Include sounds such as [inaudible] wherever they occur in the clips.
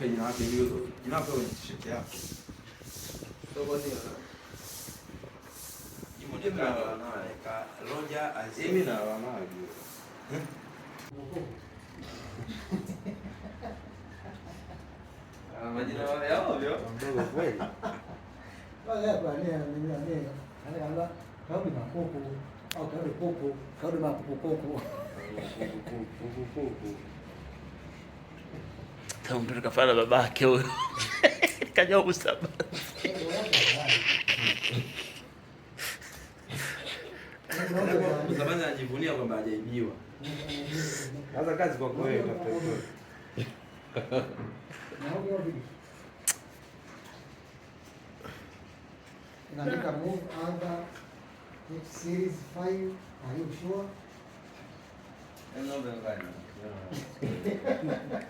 ページなんて言うと今表現してやそこにはセミナーは a いセミナーはない Majina wa yao a vyo. Ndio kweli. Wale hapa ni ni ni. Ana kama kama ni m a p o k o au kama ni koko, kama ni m a p o k o koko. Koko p o k o p o k o mtoto kafana babake huyo [laughs] kaja kusaba kwamba hajaibiwa. [laughs]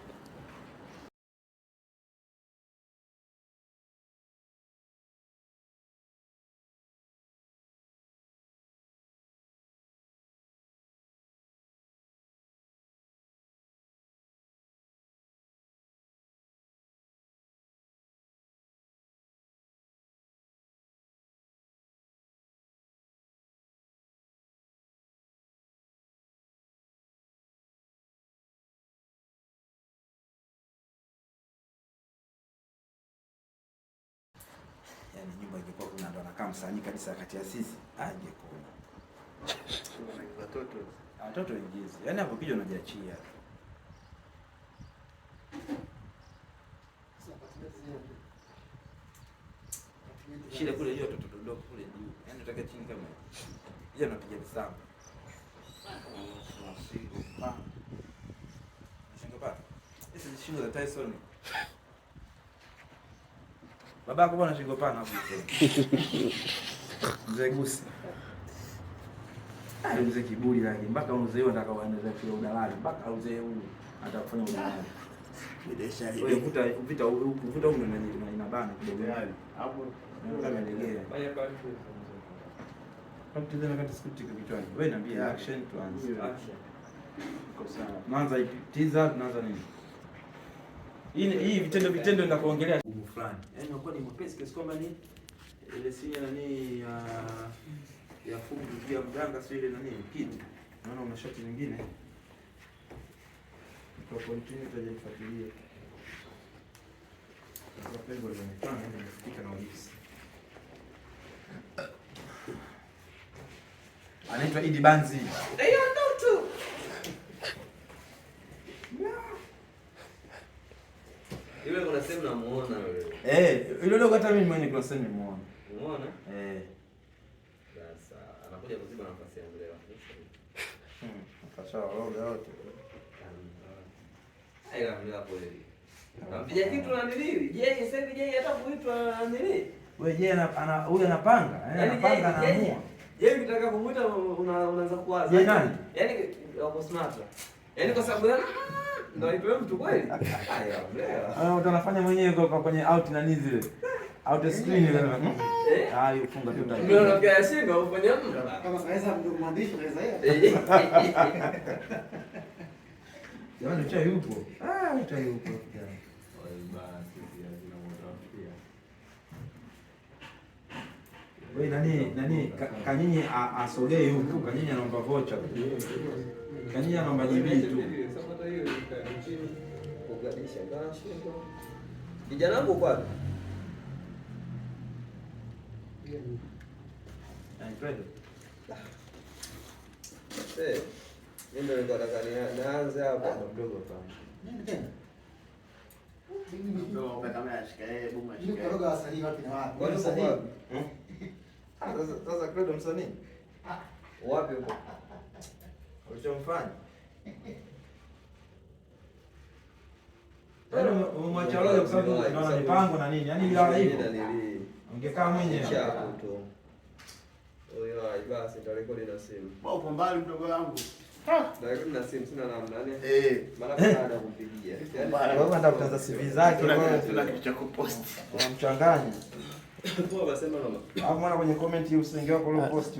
anakaa msanii kabisa kati ya sisi angekuona watoto watoto ingizi, yaani hapo kija unajiachia shida kule hiyo watoto dodoka kule juu, yaani utaka chini kama hiyo napiga misamba shingopata hizi shule za Tyson Baba yako bwana shingo pana hapo. [laughs] Mzee Gusi. Ah, mzee kiburi lakini mpaka mzee huyo anataka kuanza kile udalali mpaka mzee huyo atakufanya udalali. Bidesha hiyo. Ukuta upita ukuta huko na nini bana kidogo. yale. Yaani, hapo yaani kama legea. Baya kwa Kapti tena kati script iko kichwani. Wewe niambie action tuanze. Action. Kwa sawa. Tunaanza ipi? Teaser tunaanza nini? hii vitendo vitendo ninapoongelea ngumu fulani, yaani unakuwa ni mwepesi kiasi kwamba ni ile si nani ya ya fungu ya mganga, si ile nani kitu, naona una shoti nyingine kwa continue, tutajifuatilia kwa pengo la mfano ndio na ujizi. Anaitwa Idi Banzi. Eh, ile dogo hata mimi mwenyewe kuna sehemu nimeona. Umeona? Eh. Sasa anakuja kuziba nafasi ya Andrea. Hmm, kasha roga yote. Ah, ila mimi hapo hivi. Anapiga kitu na nini? Je, sasa hivi je hata kuitwa nini? Wewe je ana huyu anapanga? Eh, yaani anapanga na anaamua. Je, nitaka kumuita unaanza kuwaza. Je, nani? Yaani, yaani wako smart. Yaani kwa sababu ndio [laughs] ah, anafanya mwenyewe kwa kwenye out na nini zile. Out screen ile. Eh? [laughs] Ah, ufunga tu ndani. Ndio unapiga yashinda ufanye mtu. Kama kaweza mdogo mwandishi kaweza yeye. Eh. [laughs] Jamani cha yupo. Ah, cha yupo. Wewe nani nani kanyinyi asogee huku, kanyinyi anaomba vocha. Eh, kanyinyi anaomba jibii tu. Nashindwa kijana wangu kwapi? Ah. Eh, ndio nilikuwa nataka nianze hapa ah, mdogo hapa. Nini tena? Sasa Credo msanii ah. wapi huko ulichomfanya? [laughs] Yaani um- umemwacha Roho kwa sababu unaona mipango na nini. Yaani bila hivyo. Yaani yaani Ungekaa mwenyewe. Oyo yaani ai basi nitarekodi na simu. Bwana uko mbali mdogo wangu. Nitarekodi eh. CV zake kwa mwana kwenye comment hii usingeo kwa ile post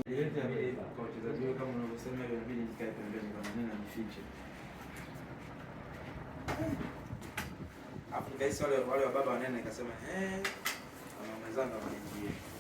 nikahisi wale wale wababa wanene, nikasema eh, mama mwenzangu ameniambia